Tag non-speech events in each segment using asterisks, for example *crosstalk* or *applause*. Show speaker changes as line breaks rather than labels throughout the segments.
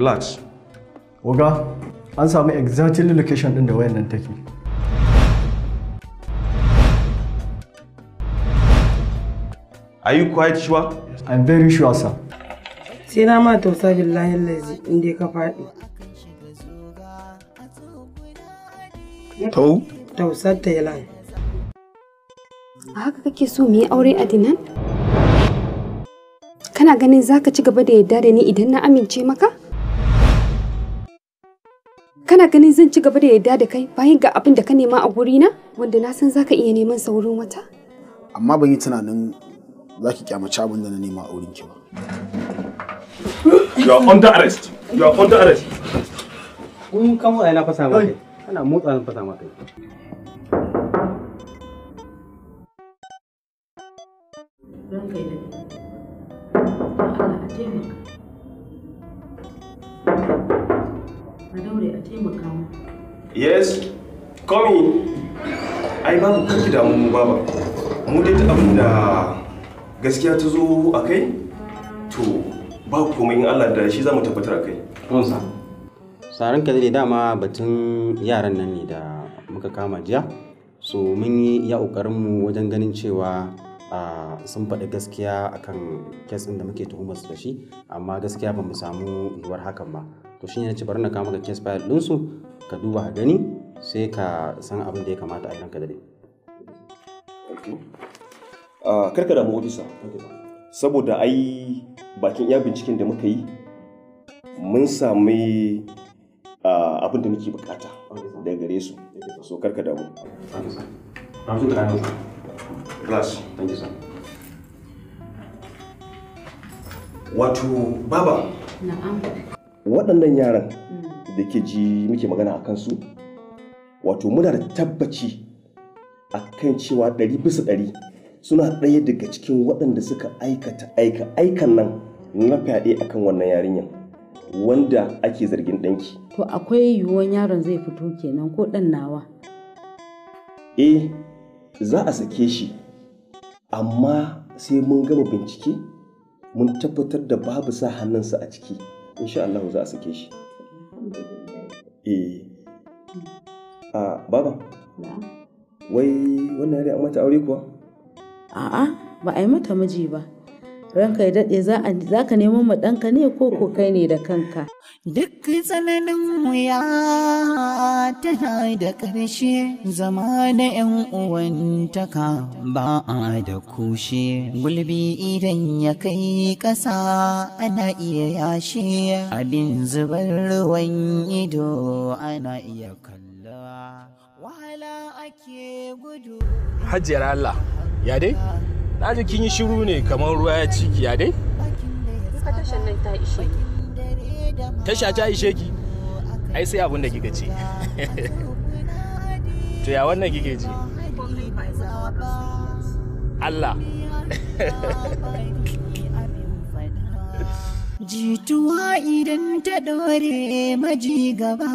relax oga an samu exactly
location din da wayan nan take
Are you quite sure? I'm very sure, sir.
Sai na ma tausa billahi lazi inda ka faɗi. Tau? Tausar ta yalan. A haka kake so mu yi aure a dinan? Kana ganin za ka ci gaba da yadda da ni idan na amince maka? kana ganin zan ci gaba da yadda da kai bayan ga abin da ka nema a gurina wanda na san zaka iya neman saurin wata?
Amma ban yi tunanin za ki kyamaci abin da na nema a wurin ki ba. You are under arrest.
You are under arrest. Kun kamo ai na fasa maka.
Kana motsa na fasa maka.
Yes, komi in. Ai babu kanki damu mu baba. Mu dai abinda gaskiya ta zo a kai? To, ba komai in Allah da shi za mu tabbatar a kai. Ronsa. Sarin ka dai dama batun yaran nan ne da muka kama jiya. So mun yi iya mu wajen ganin cewa sun faɗi gaskiya akan kes ɗin da muke tuhumar su da shi amma gaskiya ba mu samu yiwuwar hakan ba to ne na ce bari na kama ga kes file ɗinsu ka duba ka gani sai ka san abin da ya kamata a ranka da dai ah, karka damu odisa saboda ai bakin iya binciken da muka yi mun sami ah, abin da muke bukata daga gare su so karka damu wato baba waɗannan yaran mm. da ke ji muke magana a kansu wato muna da tabbaci a kan cewa ɗari bisa ɗari suna ɗaya daga cikin waɗanda suka aikata aika aikan nan na fyaɗe a kan wannan yarinyar wanda ake zargin ɗanki.
To akwai yiwuwan yaron zai fito kenan ko ɗan nawa?
Eh, za a sake shi, amma sai mun gama bincike mun tabbatar da babu sa hannunsa a ciki. Insha Allah za a sake shi. e eh. a ah, baba wai wannan yare an mata aure kuwa
a'a ba a yi mata miji ba ranka ya daɗe za ka neman ma ɗanka ne ko ko kai
ne da kanka. Duk tsananin ya ta da ƙarshe zama da ‘yan uwantaka ba a da kushe gulbi idan ya kai ƙasa ana iya yashi. abin zubar ruwan ido ana iya
kalla
wahala
ake gudu. Hajjiyar
Allah, ya dai? na kin yi shiru ne kamar ruwa ya ciki ya dai ta tasha ta ishe ki ai sai abin da kika ce *laughs* to ya wannan kike ji Allah
*laughs* jituwa idan ta dore maji gaba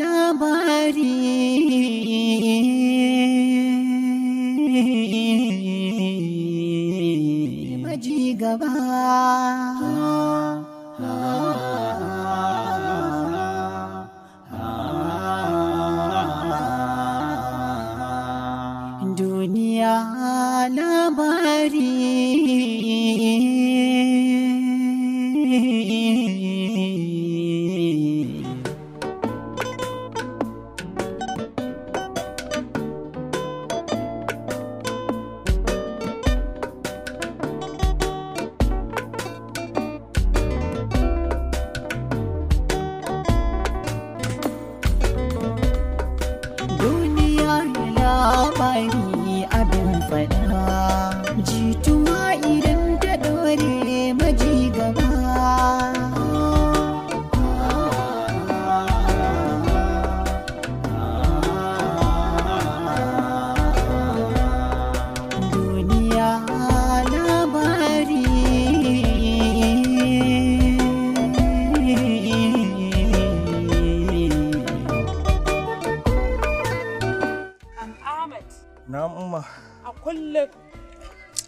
labari maji gaba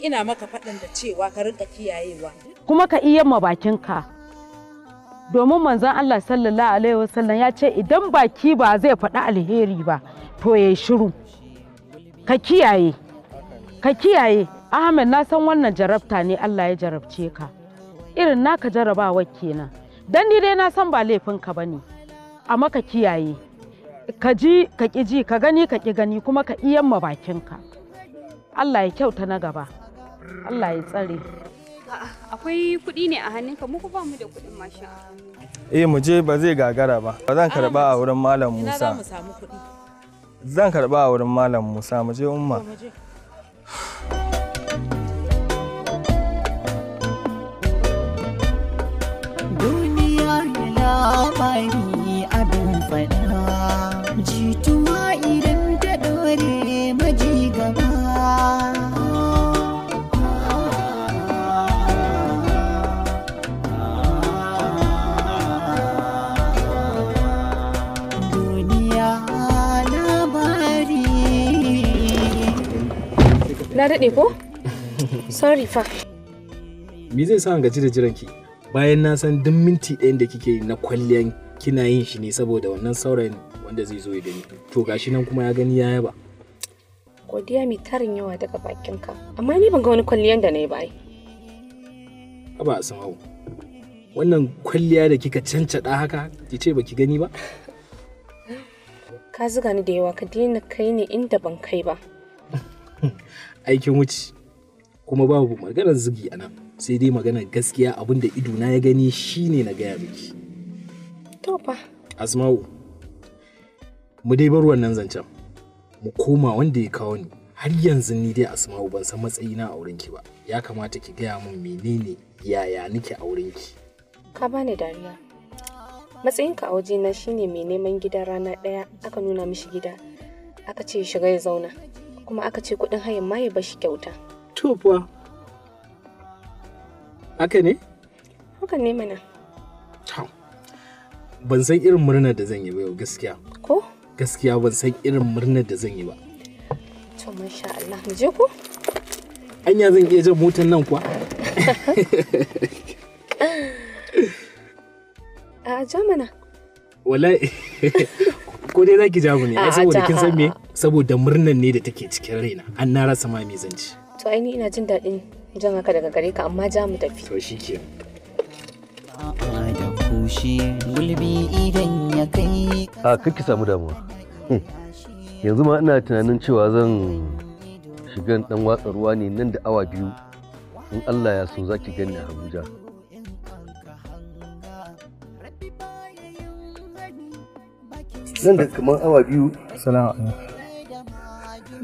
ina maka faɗin da cewa ka rinka kiyayewa kuma ka iya ma bakinka domin manzon Allah sallallahu alaihi wasallam ya ce idan baki ba zai faɗi alheri ba to ya shiru ka kiyaye ka kiyaye Ahmed na san wannan jarabta ne Allah ya jarabce ka irin naka jarabawa kenan dan ni dai na san ba laifinka bane amma ka kiyaye ka ji ka ƙi ji ka gani ka ƙi gani kuma ka iya ma bakinka Allah ya kyauta na gaba Allah ya tsare
akwai kuɗi
ne a hannunka muku ba mu da kuɗin mashin
eh mu je ba zai gagara ba ba zan karba a wurin malam Musa Ina za mu samu kuɗi zan karba a wurin malam Musa mu je umma
duniya labari abin faɗa jituwa ira
daɗe ko? Sorry fa.
Me zai sa gaji da jiranki? Bayan na san duk minti ɗayan da kike na kwalliyan kina yin shi ne saboda wannan saurayin wanda zai zo ya gani. To gashi nan kuma ya gani ya yaba. Godiya mai tarin
yawa daga bakinka. Amma ni ban ga wani kwalliyan da na yi ba
Aba a san hau. Wannan kwalliya da kika cancaɗa haka, ki ce baki gani ba?
Ka zuga ni da yawa ka daina kai ne inda ban kai ba.
*laughs* aikin wuce kuma babu maganar zugi a nan sai dai maganar gaskiya abin da ido na ya gani shine na gaya miki to fa asma'u mu dai bar wannan zancen mu koma wanda ya kawo ni har yanzu ni dai asma'u ban san matsayina a ki ba ya kamata ki gaya min menene yaya nake a ki ka bani dariya matsayinka a na shine mai neman
gida rana ɗaya aka nuna mishi gida aka ce shiga ya zauna kuma aka ce kuɗin hayan ma ya bashi kyauta.
To kuwa. Haka ne? Haka ne mana. Ban san irin murnar da zan yi ba yau gaskiya. Ko? Gaskiya ban san irin murnar da zan yi ba. To masha Allah mu je ko? Anya zan iya jan motar nan kuwa? *laughs* A ja Wallahi *laughs* ko dai zaki ja mu ne, saboda kin san me? saboda murnan ne da take cikin raina an na rasa ma mai zanci
to aini ina jin daɗin jan haka daga gare ka amma ja mu tafi to
shike
da
kushi gulbi
idan ya kai
a kake samu damuwa hmm. yanzu ma ina tunanin cewa zan shigan dan watsa ruwa ne nan da awa biyu in Allah ya so zaki gani a Abuja nan da kamar awa biyu salamu alaikum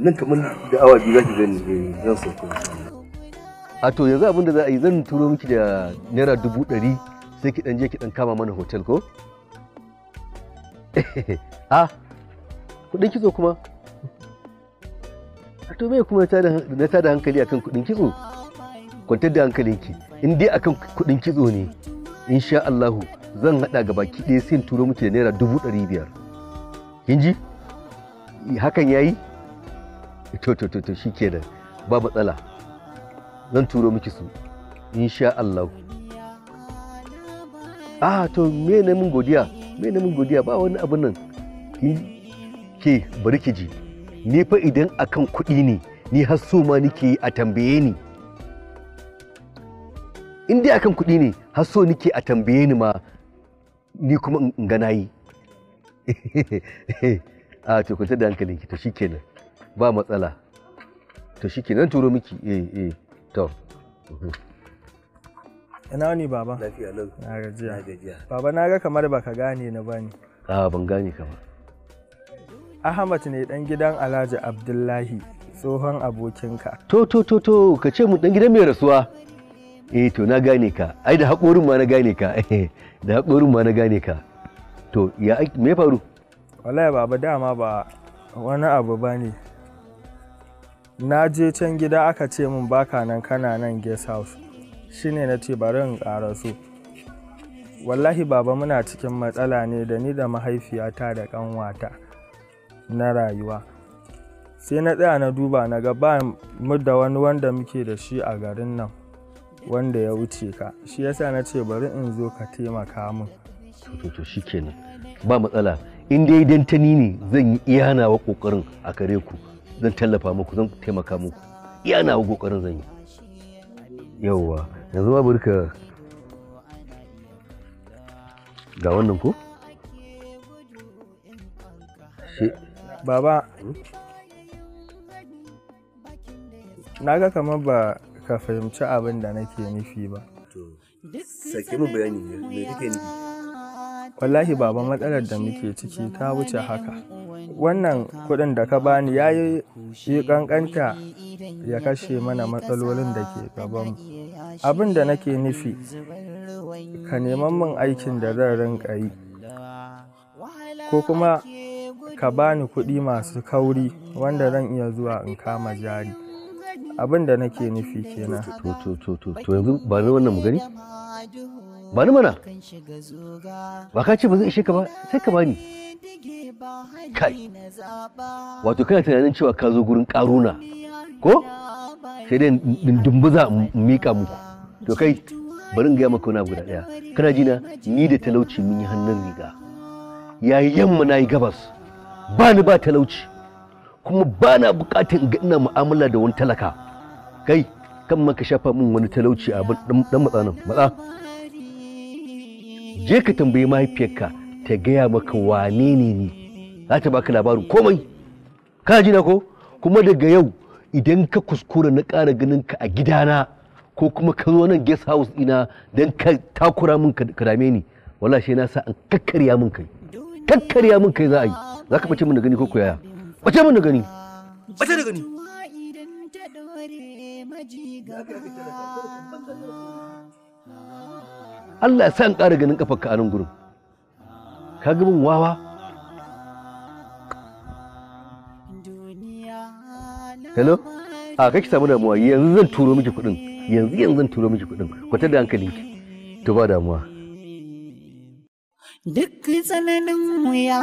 nan kamar da awa biyu gani eh, zan sauko a to yanzu abin da za a yi zan turo miki da naira dubu ɗari sai ki ɗan je ki ɗan kama mana hotel ko a *laughs* ah, kuɗin kitso kuma a to me kuma na tada hankali akan kuɗin kitso kwantar da hankalinki in dai akan kuɗin kitso ne insha Allahu zan haɗa ga baki ɗaya sai turo miki da naira dubu ɗari biyar kin ji hakan yayi to to to shi kenan ba matsala zan turo miki su insha Allah ah to me ne mun godiya me ne mun godiya ba wani abin nan ke bari ki ji ni fa idan akan kuɗi ne ni har so ma nike a tambaye ni in dai akan kuɗi ne har so nike a tambaye ni ma ni kuma in ga nayi *laughs* a to kwanta da hankalinki to shikenan ba matsala to shi kenan turo miki eh eh to mhm.
ina ne baba lafiya lau na gajiya gajiya baba na ga kamar baka gane na bani
a ban gane ka ba
Ahmad ne dan gidan Alhaji Abdullahi tsohon
abokinka to to to to ka ce mu dan gidan mai rasuwa eh to na gane ka ai da haƙorin ma na gane ka eh, da haƙorin ma na gane ka to ya me faru
wallahi baba dama ba wani abu bane na je can gida aka ce min baka nan kana nan guest house shine na ce bari in ƙara so wallahi baba muna cikin matsala ne da ni da mahaifiyata da ƙanwata na rayuwa sai na tsaya na duba na ga ba mu da wani wanda muke da shi a garin nan wanda ya wuce ka shi yasa na ce bari in zo ka taimaka min to
shikenan ba matsala in dai dantani ne zan yi iyanawa kokarin a kare ku zan tallafa muku zan taimaka muku iya na kokarin zan yi yauwa yanzu ma burka ga wannan ko
baba hmm? na ga kamar ba ka fahimci abin da nake nufi ba
sake mu bayani me kake nufi
wallahi baba matsalar da muke ciki ta wuce haka wannan kuɗin da ka bani ya yi ƙanƙanta ya kashe mana matsalolin da ke gabanmu abin da nake nufi ka neman min aikin da zan rinka yi ko kuma ka bani kuɗi masu kauri wanda zan iya zuwa in kama jari
abin da nake nufi kenan to to to to yanzu ba wannan mu gani bani mana ba ka ce ba zai ishe ka ba sai ka bani kai wato kana tunanin cewa ka zo gurin karuna ko sai dai dumbuza mika muku to kai bari in gaya maka wani abu da daya kana ji na ni da talauci mun yi hannun riga yayi yamma na yi gabas ba ni ba talauci kuma ba na bukatar in ga ina mu'amala da wani talaka kai kan maka shafa min wani talauci a dan matsanan matsa je ka tambayi mahaifiyarka ta gaya maka wane ne ni za ta baka labarin komai ka ji jina ko kuma daga yau idan ka kuskura na ƙara ganin ka a gidana ko kuma ka zo nan guest house ina don ka takura min ka dame ni wallahi shi na sa an kakkarya min kai kakkarya min kai za a yi za ka bace min da gani ko yaya bace min da gani bace da gani Allah ya san ƙara ganin kafarka a nan gurin ka ga min wawa hello a kake samu damuwa yanzu zan turo miki kuɗin yanzu yanzu zan turo miki kuɗin kwatar da hankalinki to ba damuwa
duk tsananin wuya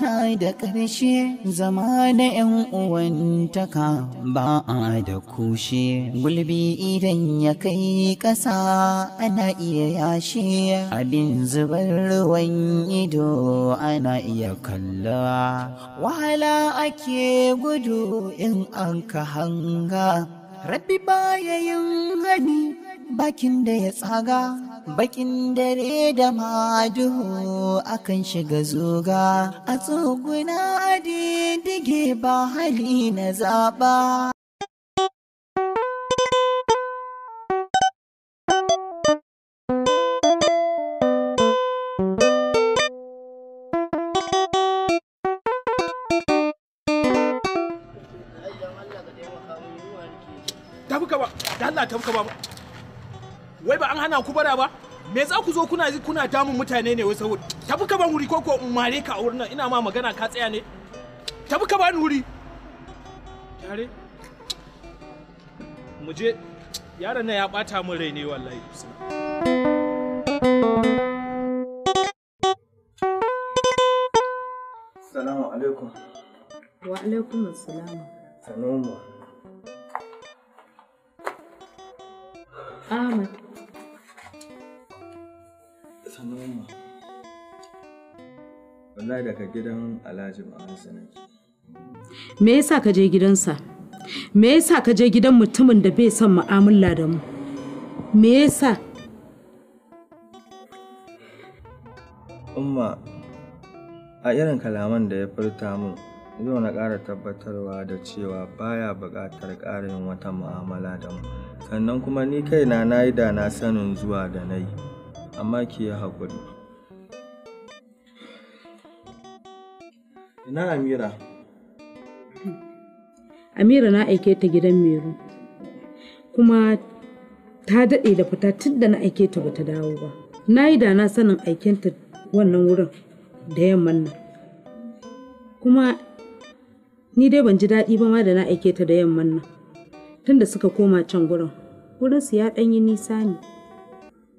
ana da ƙarshe zama da ‘yan uwantaka ba a da kushe gulbi idan ya kai ƙasa ana iya yashi. abin zubar ruwan ido ana iya kalla wahala ake gudu in an ka hanga rabbi ya yin gani bakin da ya tsaga bakin dare da ma maduhu akan shiga zoga a tsoguna didige ba hali na zaba
Tabuka ba da Allah tabuka ba wai ba an hana ku bara ba me za ku zo kuna kuna damun mutane ne wai saboda tafi ka ban wuri ko ko mare ka a wurin nan ina ma magana ka tsaya ne tafi ka ban wuri tare mu je yaron nan ya bata min rai ne wallahi
Salamu alaikum.
Wa alaikum assalam.
Sanoma. wallahi daga gidan alhaji Muhammad Sanaki.
me yasa ka je gidansa me yasa ka je gidan mutumin da bai son mu'amala da mu me yasa
umma a irin kalaman da ya furta mun zo na ƙara tabbatarwa da cewa baya buƙatar ƙarin wata mu'amala da mu sannan kuma ni kaina na yi da na sanin zuwa da na yi amma ki yi haƙuri Ina Amira?
Amira na aike ta gidan Meru. Kuma ta daɗe da fita tun da na aike ta bata dawo ba. Na yi da na sanin aikenta wannan wurin da yamman nan. Kuma ni dai ban ji daɗi ba ma da na aike ta da yamman nan. tun da suka koma can gurin. Wurinsu ya ɗanyi nisa ne.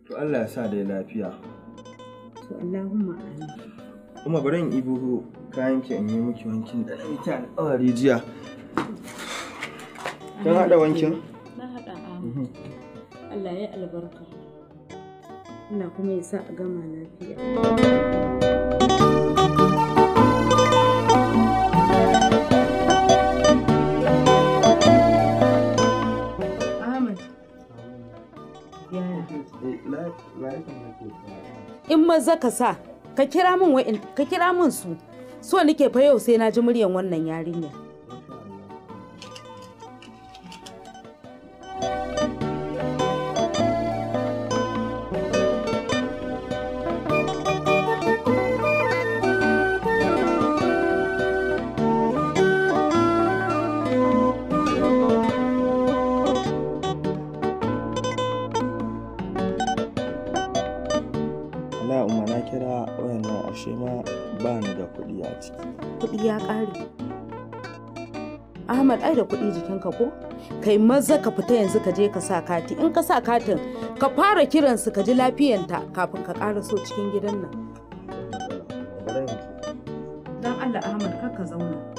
To Allah ya sa dai lafiya.
To Allahumma amin.
Kuma bari in ibo kayan in yi miki wankin da na miki alƙawari jiya
kin haɗa wankin
na haɗa ah. mhm. Allah ya albarka Allah kuma ya sa a gama lafiya eh, in maza ka sa ka kira min su so nike fa yau sai na ji muryan wannan yarinya
kira umma na kira wayannan nan ashe ma ba ni da kuɗi a ciki
kuɗi ya ƙare Ahmad ai da kuɗi jikinka ko kai maza ka fita yanzu ka je ka sa kati in ka sa katin ka fara kiran su ka ji lafiyanta kafin ka kara so cikin gidan nan dan Allah Ahmad kar ka zauna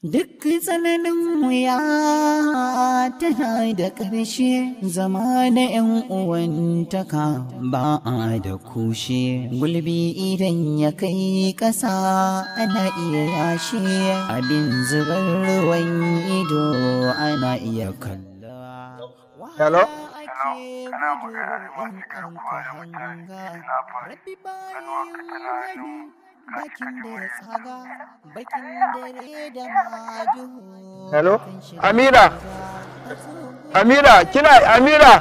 Duk tsananin wuya tana da ƙarshe zama da ‘yan uwantaka ba a da kushe. Gulbi idan ya kai ƙasa ana iya yashe abin zubar ruwan ido ana iya kalla. Hello? kana magana da masu karkuwa da mutane na fari, tana
Hello? Amira!
Amira! Kina Amira!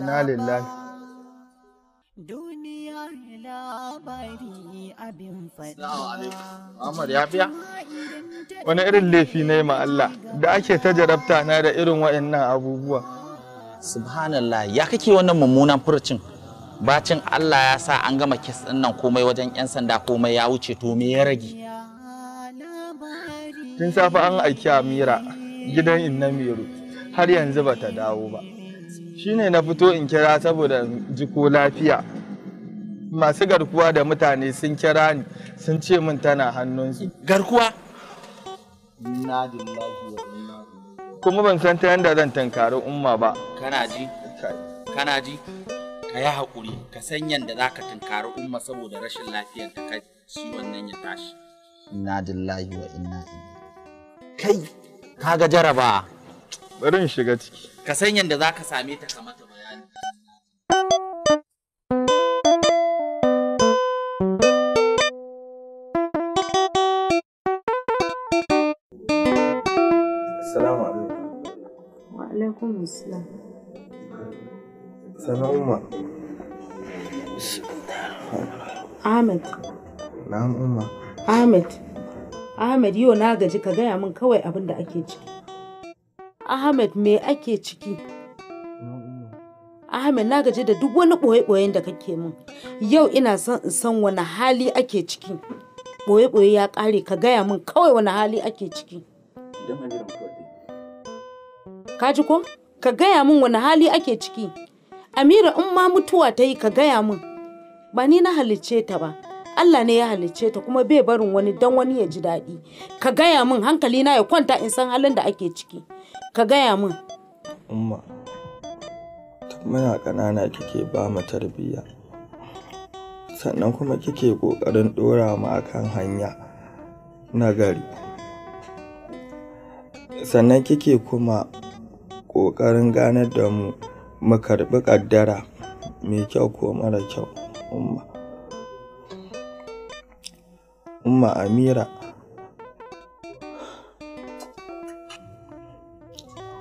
Na lillahi. Wani irin laifi ne ma Allah da ake ta jarabta na da irin wa'annan abubuwa. Subhanallah
ya kake wannan mummunan furcin bacin Allah ya sa an gama kes ɗin nan komai wajen 'yan sanda komai ya wuce to me ya rage tun safe an
aiki amira gidan inna Miru har yanzu bata dawo ba shine na fito in kira saboda ji ko lafiya masu garkuwa da mutane sun kira ni sun ce min tana hannunsu garkuwa kuma ban san ta yadda zan tankari umma ba
kana ji kana ji ka yi haƙuri ka san yadda za ka tunkari umma saboda rashin lafiyar da ka ciwon wannan ya tashi inna lillahi wa inna kai ka ga jaraba bari in shiga ciki ka san yadda za ka same ta kamata bayani
Assalamu
alaikum.
Wa alaikum assalam. Salam Ahmed. Umma. Ahmed. yau na gaji ka gaya min kawai abin da ake ciki. Ahmed me ake ciki? Ahmed na gaji da duk wani ɓoye ɓoye da kake min. Yau ina son in san wani hali ake ciki. Ɓoye-ɓoye ya ƙare ka gaya min kawai wani hali ake ciki. Ka ji ko? Ka gaya min wani hali ake ciki. Amira in ma mutuwa ta yi ka gaya min ba ni na halicce ta ba Allah ne ya halicce ta kuma bai barin wani dan wani ya ji daɗi ka gaya min hankali na ya kwanta in san halin da ake ciki ka gaya min
umma muna ƙanana kike ba mu tarbiyya sannan kuma kike ƙoƙarin ɗora mu akan hanya na gari sannan kike kuma ƙoƙarin ganar da mu mu karɓi ƙaddara mai kyau ko mara kyau umma umma amira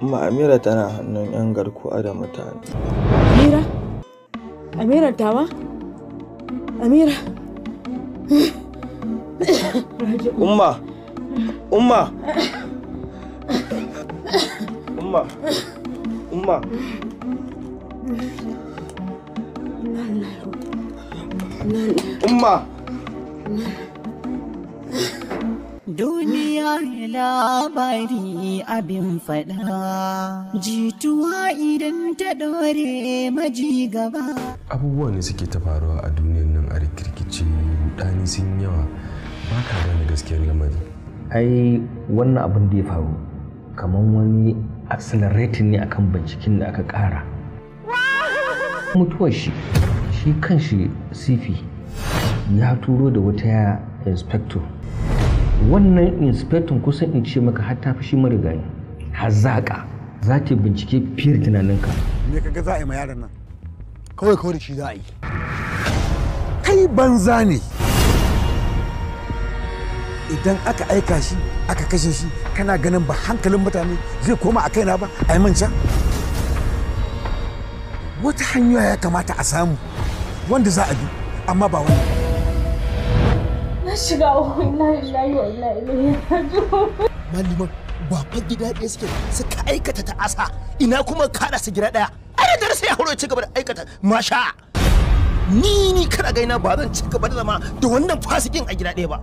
umma amira tana hannun 'yan garkuwa da mutane amira
amira tawa amira
umma umma umma umma
duniya ne labari abin faɗa, jituwa idan ta dore maji gaba.
Abubuwan ne suke ta faruwa a duniyar nan a rikirkice
ɗani sun yawa ba ka gane gaskiyar lamari. Ai wannan abin da ya faru kamar wani accelerating ne akan binciken da aka ƙara. Mutuwar shi. shi kan shi sifi ya turo da wata ya inspector wannan inspector kusan in ce maka har ta fi shi marigayi za ta bincike fiye da tunaninka
me kaga za a yi ma yaron nan kawai kawai da shi za a yi
kai banza ne
idan aka aika shi aka kashe shi kana ganin ba hankalin mutane zai koma a kaina ba a yi manca wata hanya ya kamata a samu wanda za a bi amma ba wani
na shiga inna lillahi wa na ilaihi raji'un ba fa gida ɗaya suke suka aikata ta'asa ina kuma kada su gida daya ai
da sai hauro ci gaba da aikata masha ni ni kada gaina ba zan ci gaba da zama da wannan fasikin a gida ɗaya ba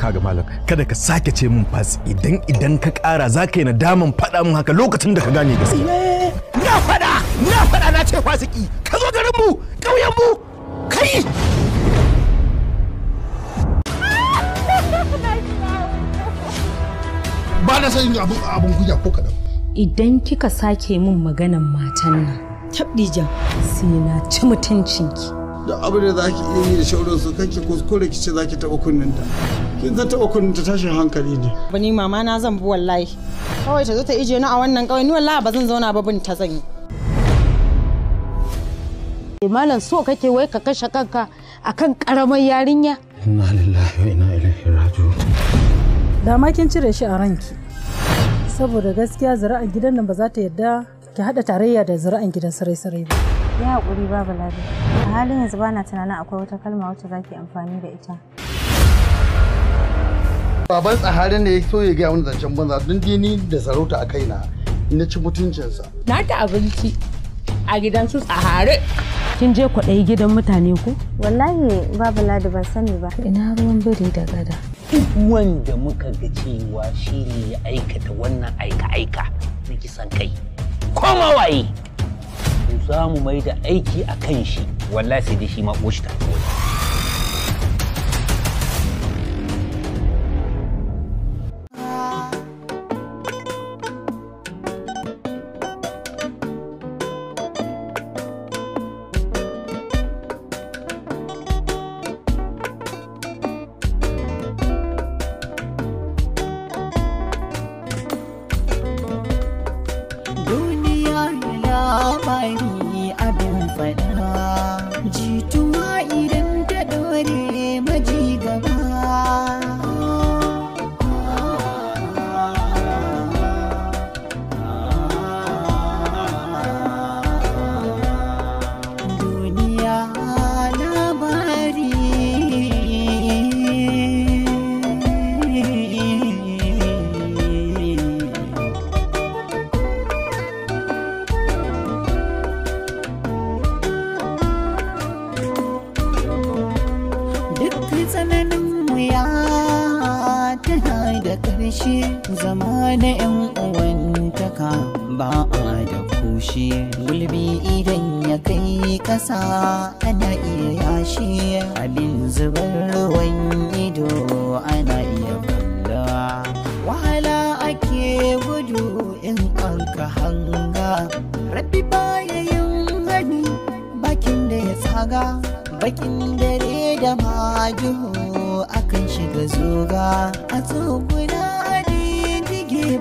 kaga malam kada ka sake ce min fas idan idan ka kara za ka yi nadaman faɗa min haka lokacin da ka gane gaskiya eh, na faɗa na faɗa na ce fasiki zo garinmu ƙauyenmu kai
ba na san abin abin kuya ko kadan
idan kika sake min maganan matan nan tabdija sai na ci mutuncinki
da abin da zaki iya yi da shauransu
kake ko ki ce zaki taɓa ta kin zan taɓa ta tashin hankali ne
ba ni mama na zan bi wallahi kawai ta zo ta ije ni a wannan kawai ni wallahi ba zan zauna ba bin ta zan yi Eh, malam so kake wai ka kashe kanka akan karamar yarinya inna lillahi wa inna ilaihi da ma kin cire shi a ranki saboda gaskiya zira'an gidan nan ba za ta yadda ki hada tarayya da zira'an gidan sarai-sarai ba ya hakuri babu ladi a halin yanzu bana tunanin akwai wata kalma wacce zaki amfani da ita
baban tsaharin ne ya so ya gaya wani zancen banza don dini da sarauta a kaina na ci mutuncinsa na ta
abinci a gidan su tsahare. Kin je kwaɗayi gidan mutane ko? Wallahi babu ladi ban sani ba. Ina ruwan biri da gada. Duk wanda muka ga cewa shi ne
ya aikata wannan aika-aika na kisan kai. Koma waye? Za mu mai da aiki a kan shi wallahi sai dai shi ma ta.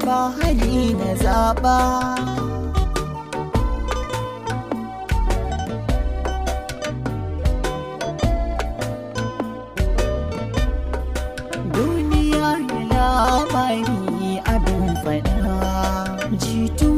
ba hali na zaba duniya labari abin fada jitu